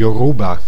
Yoruba